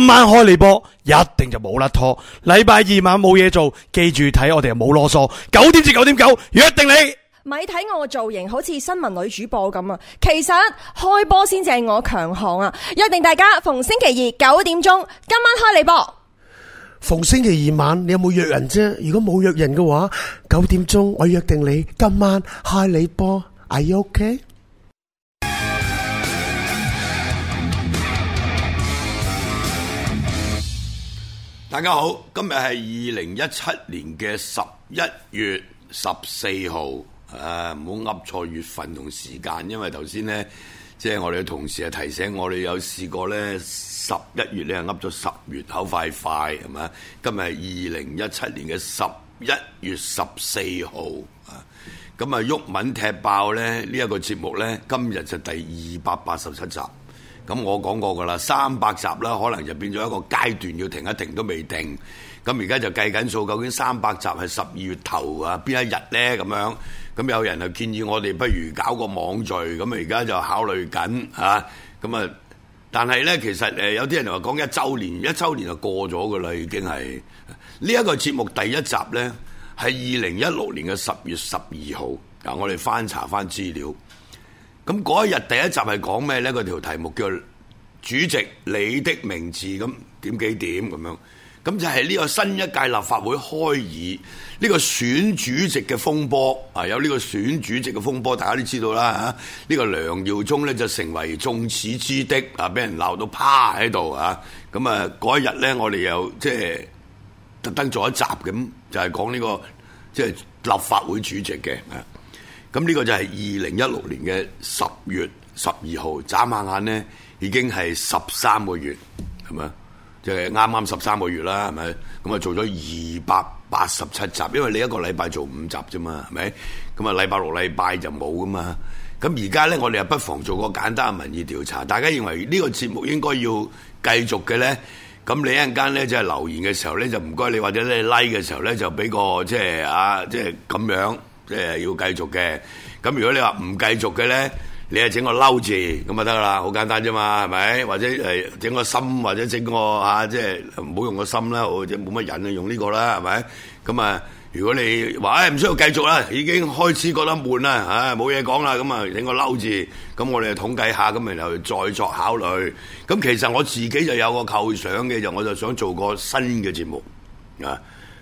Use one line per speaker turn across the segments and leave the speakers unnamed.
今晚開你波，一定就冇甩拖。禮拜二晚冇嘢做，記住睇我哋又冇囉嗦。九點至九點九，約定你。咪睇我造型好似新聞女主播咁啊！其實開波先至係我強項啊！約定大家逢星期二九點鐘，今晚開你波。逢星期二晚，你有冇約人啫？如果冇約人嘅話，九點鐘我約定你今晚開你波，are you OK。大家好，今日係二零一七年嘅十一月十四號，誒、啊，唔好噏錯月份同時間，因為頭先呢，即係我哋嘅同事啊提醒我哋有試過呢，十一月咧係噏咗十月口快快，係嘛？今日二零一七年嘅十一月十四號，啊，咁啊，毓民踢爆咧呢一，這個節目呢今日就第二百八十七集。咁我講過㗎啦，三百集啦，可能就變咗一個階段，要停一停都未定。咁而家就計緊數，究竟三百集係十二月頭啊邊一日呢？咁樣咁有人就建議我哋不如搞個網聚，咁啊而家就考慮緊嚇。咁啊，但係呢，其實誒有啲人就話講一週年，一週年就過咗㗎啦，已經係呢一個節目第一集呢，係二零一六年嘅十月十二號。嗱，我哋翻查返資料。咁嗰一日第一集係講咩咧？嗰條題目叫主席你的名字，咁點幾點咁樣？咁就係呢個新一屆立法會開議呢個選主席嘅風波啊！有呢個選主席嘅風波，大家都知道啦吓。呢個梁耀忠咧，就成為眾矢之的啊，俾人鬧到趴喺度啊！咁啊，嗰一日咧，我哋又即係特登做一集咁，就係講呢個即係、就是、立法會主席嘅。啊咁呢個就係二零一六年嘅十月十二號，眨下眼咧已經係十三個月，係嘛？即係啱啱十三個月啦，係咪？咁啊做咗二百八十七集，因為你一個禮拜做五集啫嘛，係咪？咁啊禮拜六禮拜就冇噶嘛。咁而家咧，我哋又不妨做個簡單嘅民意調查，大家認為呢個節目應該要繼續嘅咧？咁你一陣間咧即係留言嘅時候咧，就唔該你，或者你 like 嘅時候咧，就俾個即係啊即係咁樣。誒要繼續嘅，咁如果你話唔繼續嘅咧，你係整個嬲字咁就得啦，好簡單啫嘛，係咪？或者誒整個心，或者整個嚇，即係唔好用個心啦，或者冇乜人用呢、這個啦，係咪？咁啊，如果你話誒唔需要繼續啦，已經開始覺得悶啦，嚇冇嘢講啦，咁啊整個嬲字，咁我哋統計下，咁然後再作考慮。咁其實我自己就有個構想嘅，就我就想做個新嘅節目啊。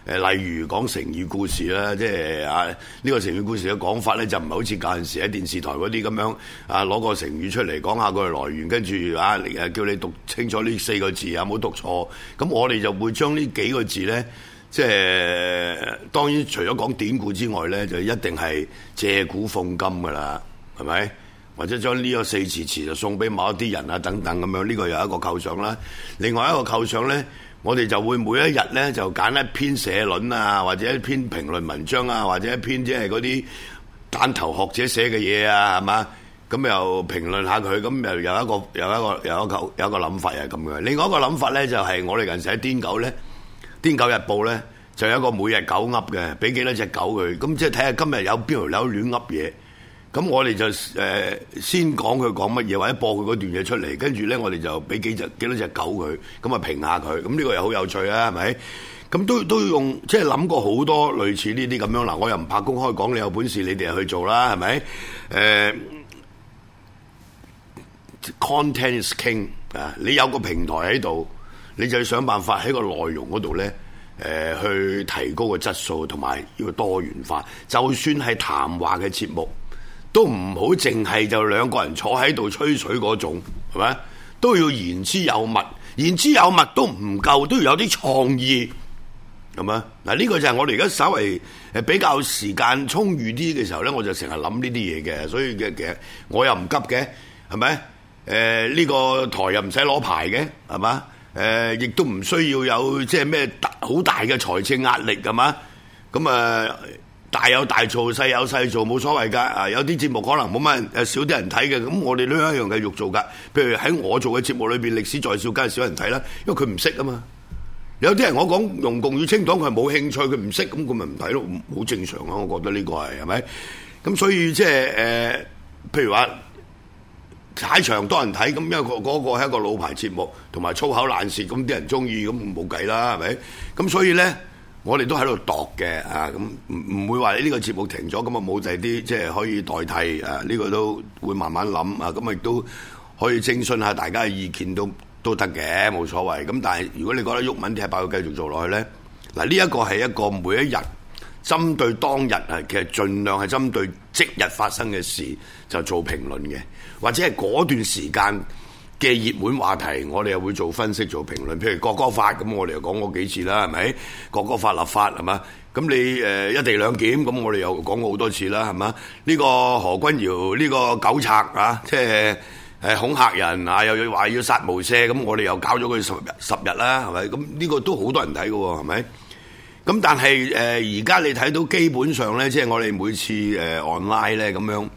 誒，例如講成語故事啦，即係啊，呢個成語故事嘅講法咧，就唔係好似舊陣時喺電視台嗰啲咁樣啊，攞個成語出嚟講下佢嘅來源，跟住啊，誒叫你讀清楚呢四個字，有冇讀錯？咁我哋就會將呢幾個字咧，即係當然除咗講典故之外咧，就一定係借古奉今㗎啦，係咪？或者將呢個四字詞就送俾某一啲人啊等等咁樣，呢個又一個構想啦。另外一個構想咧。我哋就會每一日咧就揀一篇社論啊，或者一篇評論文章啊，或者一篇即係嗰啲蛋頭學者寫嘅嘢啊，係嘛？咁又評論下佢，咁又有一個有一個有一個有一個諗法係咁樣。另外一個諗法咧就係、是、我哋近時喺《癲狗》咧，《癲狗日報》咧就有一個每日狗噏嘅，俾幾多隻狗佢，咁即係睇下今日有邊條友亂噏嘢。咁我哋就誒、呃、先講佢講乜嘢，或者播佢段嘢出嚟，跟住咧我哋就俾幾隻幾多隻狗佢，咁啊評下佢，咁呢個又好有趣啊，係咪？咁都都要用，即係諗過好多類似呢啲咁樣嗱、呃，我又唔怕公開講，你有本事你哋去做啦，係咪？誒、呃、content king 啊，你有個平台喺度，你就要想辦法喺個內容度咧，誒、呃、去提高個質素，同埋要多元化，就算係談話嘅節目。都唔好淨係就兩個人坐喺度吹水嗰種，係咪？都要言之有物，言之有物都唔夠，都要有啲創意，係咪？嗱呢個就係我哋而家稍微誒比較時間充裕啲嘅時候咧，我就成日諗呢啲嘢嘅，所以嘅其實我又唔急嘅，係咪？誒呢個台又唔使攞牌嘅，係嘛？誒亦都唔需要有即係咩大好大嘅財政壓力，係嘛？咁啊～呃大有大做，細有細做，冇所謂㗎。啊，有啲節目可能冇乜人，誒少啲人睇嘅。咁我哋都一樣繼續做㗎。譬如喺我做嘅節目裏邊，歷史再少，梗係少人睇啦。因為佢唔識啊嘛。有啲人我講容共清黨，佢係冇興趣，佢唔識，咁佢咪唔睇咯，好正常啊。我覺得呢個係係咪？咁所以即係誒，譬如話踩場多人睇，咁因為嗰個係、那個、一個老牌節目，同埋粗口爛舌，咁啲人中意，咁冇計啦，係咪？咁所以咧。我哋都喺度度嘅，啊咁唔唔會話呢個節目停咗，咁啊冇第啲即係可以代替，啊呢個都會慢慢諗，啊咁啊亦都可以徵詢下大家嘅意見都都得嘅，冇所謂。咁但係如果你覺得毓民踢爆要繼續做落去咧，嗱呢一個係一個每一日針對當日啊，其實盡量係針對即日發生嘅事就做評論嘅，或者係嗰段時間嘅熱門話題，我哋又會做分析、做評論。譬如《國歌法》咁，我哋又講過幾次啦，係咪？《國歌法》立法係嘛？咁你誒一地兩檢咁，我哋又講過好多次啦，係嘛？呢個何君堯呢個狗賊啊，即係誒恐嚇人啊，又要話要殺無赦，咁我哋又搞咗佢十日十日啦，係咪？咁呢個都好多人睇㗎喎，係咪？咁但係誒，呃，而家你睇到基本上咧，即係我哋每次誒 online 咧咁樣。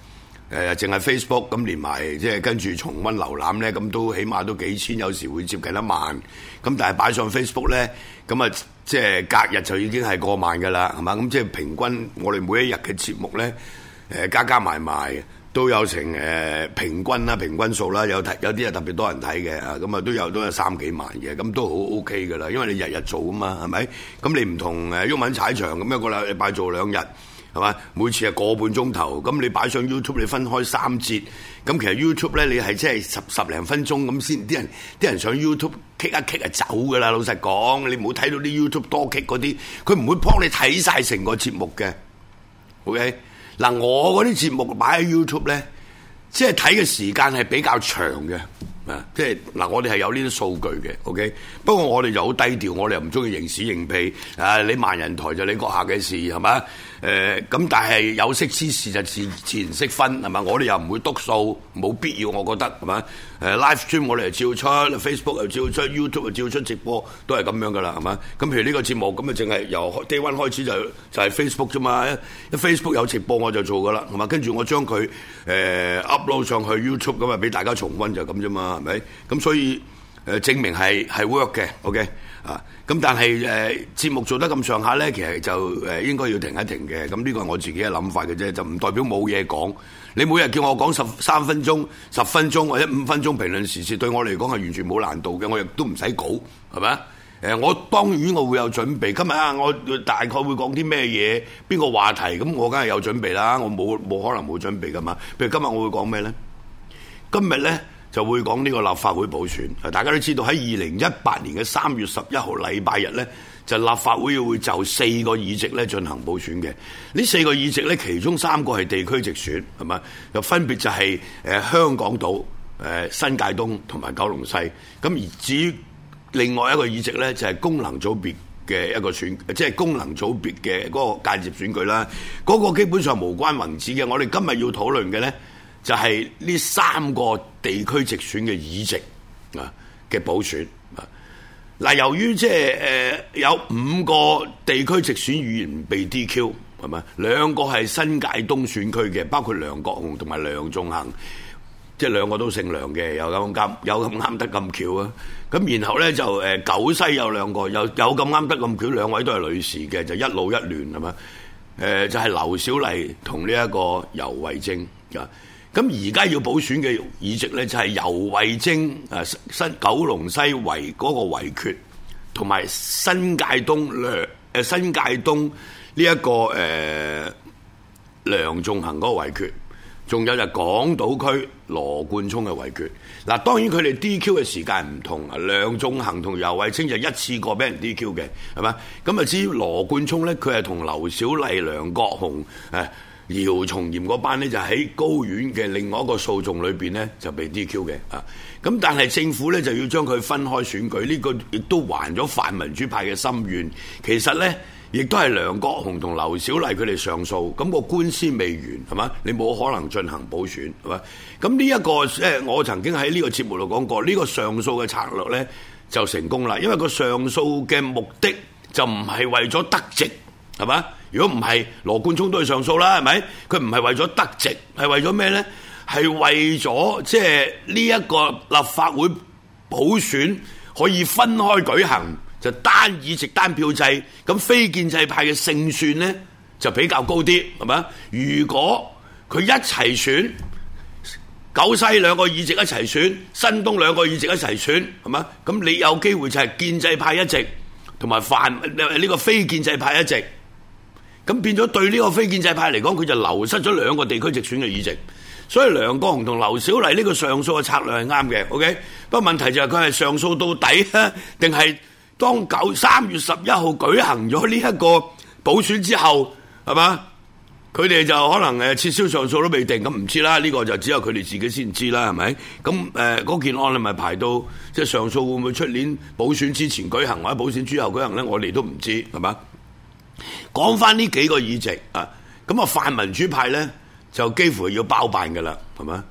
誒，淨係、呃、Facebook 咁、嗯、連埋，即係跟住重溫瀏覽咧，咁都起碼都幾千，有時會接近一萬。咁但係擺上 Facebook 咧，咁啊，即係隔日就已經係過萬嘅啦，係嘛？咁、嗯、即係平均，我哋每一日嘅節目咧，誒、呃、加加埋埋都有成誒、呃、平均啦，平均數啦，有睇有啲係特別多人睇嘅嚇，咁啊、嗯、都有都有三幾萬嘅，咁、嗯、都好 OK 嘅啦，因為你日日做啊嘛，係咪？咁、嗯、你唔同誒鬱文踩場咁一個禮拜做兩日。係嘛？每次係個半鐘頭，咁你擺上 YouTube，你分開三節。咁其實 YouTube 咧，你係即係十十零分鐘咁先，啲人啲人上 YouTube，click 一 click 係走噶啦。老實講，你唔好睇到啲 YouTube 多 click 嗰啲，佢唔會幫你睇晒成個節目嘅。OK，嗱我嗰啲節目擺喺 YouTube 咧，即係睇嘅時間係比較長嘅。啊，即係嗱，我哋係有呢啲數據嘅。OK，不過我哋就好低調，我哋又唔中意認屎認屁。誒、啊，你萬人台就你閣下嘅事，係嘛？誒咁、呃，但係有識之士就是自，自然識分，係嘛？我哋又唔會篤數，冇必要，我覺得係嘛？誒、呃、live stream 我哋又照出，Facebook 又照出，出，YouTube 又照出直播，都係咁樣噶啦，係嘛？咁譬如呢個節目，咁、嗯、啊，淨係由 day one 開始就是、就係、是、Facebook 啫嘛，一 Facebook 有直播我就做噶啦，係嘛？跟住我將佢誒、呃、upload 上去 YouTube 咁啊，俾大家重温就咁啫嘛，係咪？咁所以誒、呃、證明係係 work 嘅，OK。啊！咁、嗯、但係誒、呃、節目做得咁上下咧，其實就誒、呃、應該要停一停嘅。咁呢個係我自己嘅諗法嘅啫，就唔代表冇嘢講。你每日叫我講十三分鐘、十分鐘或者五分鐘評論時事，對我嚟講係完全冇難度嘅。我亦都唔使稿，係咪啊？誒，我當然我會有準備。今日啊，我大概會講啲咩嘢？邊個話題？咁我梗係有準備啦。我冇冇可能冇準備㗎嘛？譬如今日我會講咩咧？今日咧，就會講呢個立法會補選，大家都知道喺二零一八年嘅三月十一號禮拜日呢，就立法會會就四個議席咧進行補選嘅。呢四個議席呢，其中三個係地區直選，係咪？又分別就係誒香港島、誒新界東同埋九龍西。咁而至於另外一個議席呢，就係功能組別嘅一個選，即係功能組別嘅嗰個間接選舉啦。嗰個基本上無關宏旨嘅。我哋今日要討論嘅呢，就係呢三個地區直選嘅議席啊嘅補選啊嗱，由於即係誒有五個地區直選議員被 DQ 係咪？兩個係新界東選區嘅，包括梁國雄同埋梁頌恆，即、就、係、是、兩個都姓梁嘅，有咁啱有咁啱得咁巧啊！咁然後咧就誒九西有兩個有有咁啱得咁巧，兩位都係女士嘅，就一老一嫩係咪？誒、呃、就係、是、劉小麗同呢一個游蕙禎啊。咁而家要補選嘅議席咧，就係游蕙禎、誒新九龍西維嗰個遺缺，同埋新界東梁、誒、呃、新界東呢、這、一個誒、呃、梁頌恆嗰個遺缺，仲有就港島區羅冠聰嘅遺缺。嗱，當然佢哋 DQ 嘅時間唔同，梁頌恆同游蕙禎就一次過俾人 DQ 嘅，係咪？咁啊至於羅冠聰咧，佢係同劉小麗、梁國雄誒，呃姚松炎嗰班咧就喺高院嘅另外一個訴訟裏邊咧就被 DQ 嘅啊，咁但係政府咧就要將佢分開選舉，呢個亦都還咗泛民主派嘅心願。其實咧，亦都係梁國雄同劉小麗佢哋上訴，咁個官司未完係嘛？你冇可能進行補選係嘛？咁呢一個即係我曾經喺呢個節目度講過，呢個上訴嘅策略咧就成功啦，因為個上訴嘅目的就唔係為咗得直係嘛。如果唔係，羅冠聰都去上訴啦，係咪？佢唔係為咗得席，係為咗咩咧？係為咗即係呢一個立法會補選可以分開舉行，就單議席單票制，咁非建制派嘅勝算咧就比較高啲，係咪？如果佢一齊選九西兩個議席一齊選，新東兩個議席一齊選，係咪？咁你有機會就係建制派一席同埋泛呢個非建制派一席。咁變咗對呢個非建制派嚟講，佢就流失咗兩個地區直選嘅議席，所以梁國雄同劉小麗呢個上訴嘅策略係啱嘅，OK。不過問題就係佢係上訴到底啊，定係當九三月十一號舉行咗呢一個補選之後，係嘛？佢哋就可能誒撤銷上訴都未定，咁唔知啦。呢、這個就只有佢哋自己先知啦，係咪？咁誒，件案你咪排到即係、就是、上訴會唔會出年補選之前舉行，或者補選之後舉行咧？我哋都唔知係嘛。講翻呢幾個議席啊，咁啊泛民主派咧就幾乎要包辦噶啦，係咪？誒、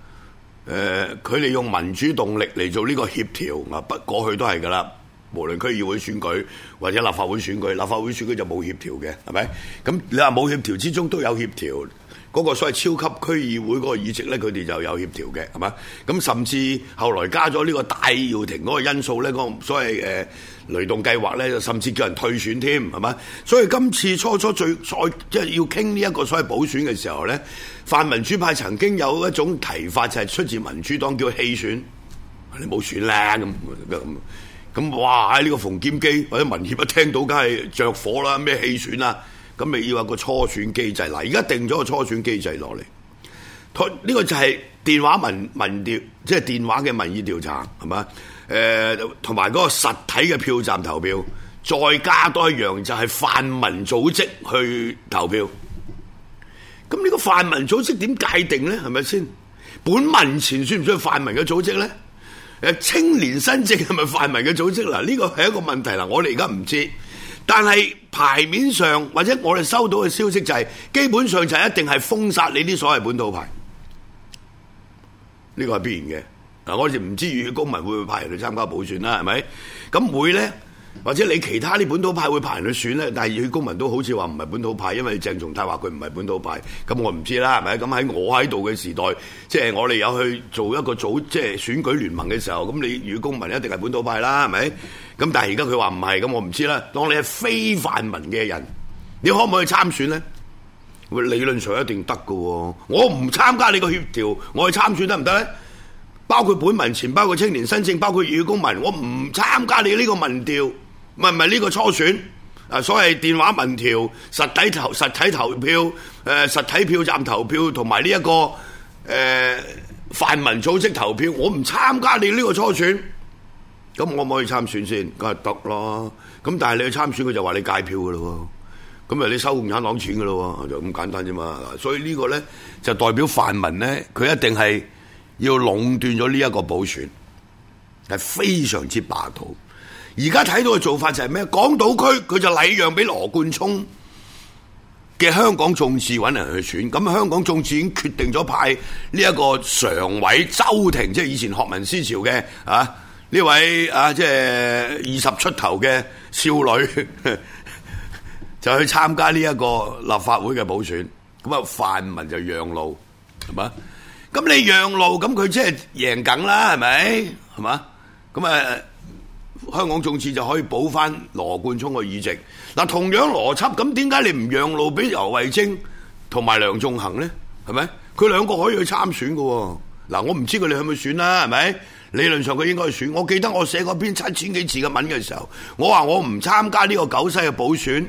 呃，佢哋用民主動力嚟做呢個協調啊，不過去都係噶啦，無論區議會選舉或者立法會選舉，立法會選舉就冇協調嘅，係咪？咁你話冇協調之中都有協調。嗰個所謂超級區議會嗰個議席咧，佢哋就有協調嘅，係嘛？咁甚至後來加咗呢個戴耀廷嗰個因素咧，嗰、那個所謂誒、呃、雷動計劃咧，甚至叫人退選添，係嘛？所以今次初初最再即係要傾呢一個所謂補選嘅時候咧，泛民主派曾經有一種提法就係、是、出自民主黨叫棄選，你冇選咧咁咁，咁哇！呢、這個馮檢基或者民協一聽到，梗係着火啦，咩棄選啊？咁咪要有一個初選機制。嗱，而家定咗個初選機制落嚟，呢個就係電話民民調，即係電話嘅民意調查，係嘛？誒，同埋嗰個實體嘅票站投票，再加多一樣就係泛民組織去投票。咁呢個泛民組織點界定咧？係咪先？本民前算唔算泛民嘅組織咧？誒，青年新政係咪泛民嘅組織？嗱，呢個係一個問題啦，我哋而家唔知。但係牌面上或者我哋收到嘅消息就係、是、基本上就是一定係封殺你啲所謂本土牌，呢個係必然嘅。嗱、啊，我哋唔知熱血公民會唔會派人去參加補選啦，係咪？咁會咧。或者你其他啲本土派會派人去選咧，但係熱血公民都好似話唔係本土派，因為鄭松泰話佢唔係本土派，咁我唔知啦，係咪？咁喺我喺度嘅時代，即係我哋有去做一個組，即係選舉聯盟嘅時候，咁你熱血公民一定係本土派啦，係咪？咁但係而家佢話唔係，咁我唔知啦。當你係非泛民嘅人，你可唔可以參選咧？理論上一定得㗎喎，我唔參加你個協調，我去參選得唔得？包括本民前，包括青年新政，包括雨公民，我唔參加你呢個民調，唔係唔係呢個初選啊？所謂電話民調、實體投、實體投票、誒實體票站投票，同埋呢一個誒、呃、泛民組織投票，我唔參加你呢個初選，咁我可唔可以參選先？梗係得咯。咁但係你去參選，佢就話你鎅票噶咯。咁啊，你收共產黨錢噶咯，就咁簡單啫嘛。所以個呢個咧就代表泛民咧，佢一定係。要壟斷咗呢一個補選，係非常之霸道。而家睇到嘅做法就係咩？港島區佢就禮讓俾羅冠聰嘅香港眾志揾人去選，咁香港眾志已經決定咗派呢一個常委周庭，即係以前學民思潮嘅啊呢位啊，即係二十出頭嘅少女， 就去參加呢一個立法會嘅補選。咁啊，泛民就讓路係嘛？咁你讓路，咁佢即係贏梗啦，係咪？係嘛？咁誒、呃，香港眾志就可以補翻羅冠聰嘅議席。嗱，同樣邏輯，咁點解你唔讓路俾劉慧卿同埋梁頌恆咧？係咪？佢兩個可以去參選㗎喎。嗱，我唔知佢哋去唔去選啦，係咪？理論上佢應該去選。我記得我寫嗰篇七千幾字嘅文嘅時候，我話我唔參加呢個九西嘅補選，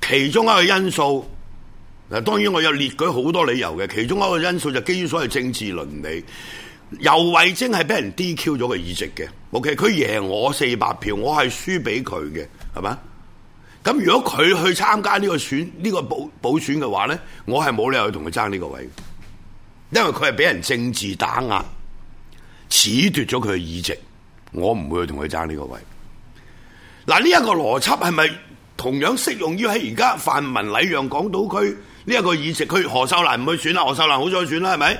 其中一個因素。嗱，當然我有列舉好多理由嘅，其中一個因素就基於所謂政治倫理。游蕙禎係俾人 DQ 咗個議席嘅，OK？佢贏我四百票，我係輸俾佢嘅，係嘛？咁如果佢去參加呢個選呢、呢個補補選嘅話咧，我係冇理由去同佢爭呢個位，因為佢係俾人政治打壓，褫奪咗佢嘅議席，我唔會去同佢爭呢個位。嗱，呢一個邏輯係咪同樣適用於喺而家泛民禮讓港島區？呢一個議席，佢何秀蘭唔去選啦，何秀蘭好再選啦，係咪？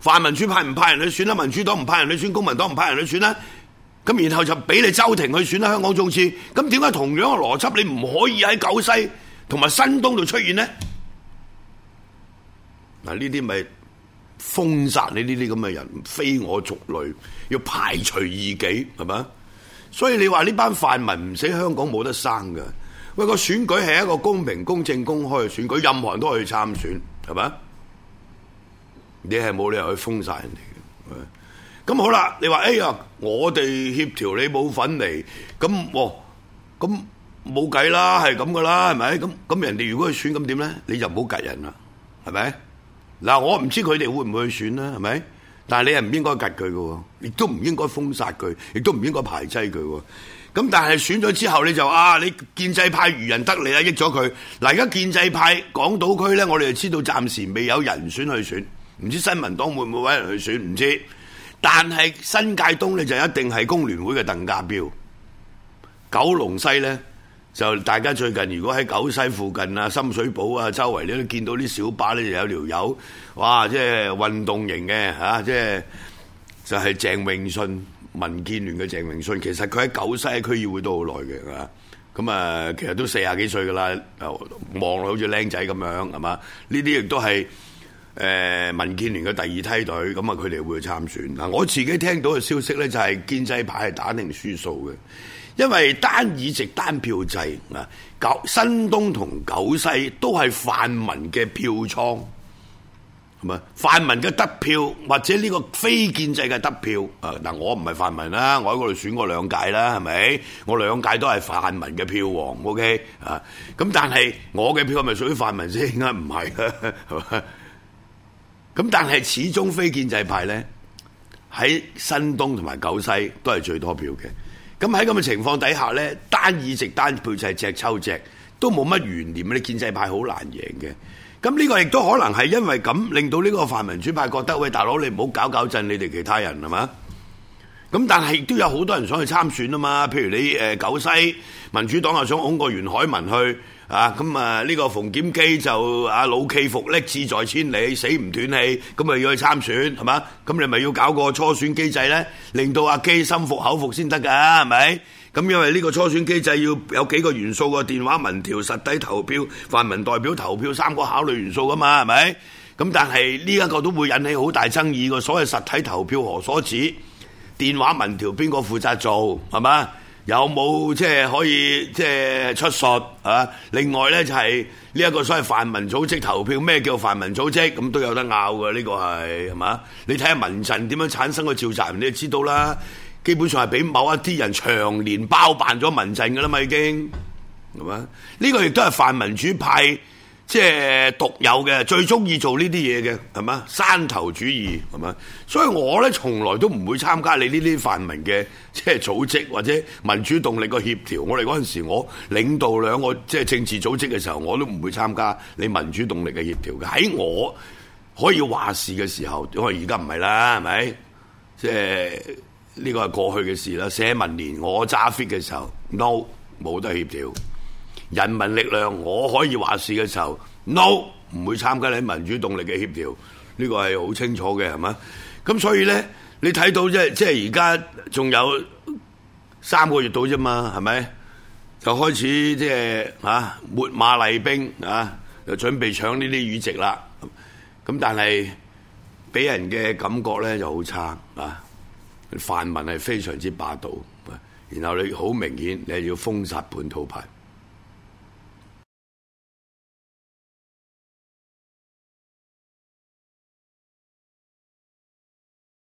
泛民主派唔派人去選啦，民主黨唔派人去選，公民黨唔派人去選啦，咁然後就俾你周庭去選啦，香港眾志。咁點解同樣嘅邏輯你唔可以喺九西同埋新東度出現呢？嗱，呢啲咪封殺你呢啲咁嘅人，非我族類，要排除異己，係咪？所以你話呢班泛民唔死，香港冇得生嘅。喂，個選舉係一個公平、公正、公開嘅選舉，任何人都可以參選，係咪？你係冇理由去封殺人哋嘅。咁好啦，你話：哎呀，我哋協調你冇份嚟，咁哦，咁冇計啦，係咁噶啦，係咪？咁咁人哋如果去選，咁點咧？你就唔好吉人啦，係咪？嗱，我唔知佢哋會唔會去選啦，係咪？但係你又唔應該夾佢嘅，亦都唔應該封殺佢，亦都唔應該排擠佢。咁但係選咗之後，你就啊，你建制派漁人得利啊，益咗佢。嗱，而家建制派港島區咧，我哋就知道暫時未有人選去選，唔知新民黨會唔會揾人去選唔知。但係新界東咧就一定係工聯會嘅鄧家彪，九龍西咧。就大家最近如果喺九西附近啊、深水埗啊、周圍咧都見到啲小巴咧，就有條友，哇！即係運動型嘅吓、啊，即係就係鄭泳舜，民建聯嘅鄭泳舜，其實佢喺九西喺區議會都好耐嘅，嚇咁啊，其實都四廿幾歲噶啦，望落好似靚仔咁樣，係嘛？呢啲亦都係誒民建聯嘅第二梯隊，咁啊佢哋會參選、啊。我自己聽到嘅消息咧，就係建制派係打定輸數嘅。因為單議席單票制啊，九新東同九西都係泛民嘅票倉，係咪？泛民嘅得票或者呢個非建制嘅得票啊？嗱，我唔係泛民啦，我喺嗰度選過兩屆啦，係咪？我兩屆都係泛民嘅票王，OK 啊？咁但係我嘅票係咪屬於泛民先？應該唔係啊？係咪？咁但係始終非建制派咧，喺新東同埋九西都係最多票嘅。咁喺咁嘅情況底下咧，單議席單配制隻抽隻都冇乜懸念啊！你建制派好難贏嘅。咁呢個亦都可能係因為咁，令到呢個泛民主派覺得喂，大佬你唔好搞搞震，你哋其他人係嘛？咁但係亦都有好多人想去參選啊嘛，譬如你誒、呃、九西民主黨又想拱個袁海文去。啊，咁啊呢個馮檢基就阿老驥伏櫪，志在千里，死唔斷氣，咁咪要去參選係嘛？咁你咪要搞個初選機制呢，令到阿基心服口服先得噶，係咪？咁因為呢個初選機制要有幾個元素嘅，電話民調、實體投票、泛民代表投票三個考慮元素噶嘛，係咪？咁但係呢一個都會引起好大爭議嘅，所謂實體投票何所指？電話民調邊個負責做係嘛？有冇即係可以即係、即係、出術啊？另外咧就係呢一個所謂泛民組織投票，咩叫泛民組織？咁都有得拗嘅，呢個係係嘛？你睇下民陣點樣產生個召集人，你就知道啦。基本上係俾某一啲人長年包辦咗民陣嘅啦嘛，已經係嘛？呢、呢個亦都係泛民主派。即係獨有嘅，最中意做呢啲嘢嘅係嘛？山頭主義係嘛？所以我咧從來都唔會參加你呢啲泛民嘅即係組織或者民主動力嘅協調。我哋嗰陣時，我領導兩個即係政治組織嘅時候，我都唔會參加你民主動力嘅協調嘅。喺我可以話事嘅時候，因為而家唔係啦，係咪？即係呢個係過去嘅事啦。社民連我揸 fit 嘅時候，no 冇得協調。人民力量，我可以話事嘅時候，no 唔會參加你民主動力嘅協調，呢個係好清楚嘅，係嘛？咁所以咧，你睇到即係即係而家仲有三個月到啫嘛，係咪？就開始即係啊，抹馬麗兵啊，就準備搶呢啲議席啦。咁、啊、但係俾人嘅感覺咧就好差啊！泛民係非常之霸道，然後你好明顯你係要封殺本土派。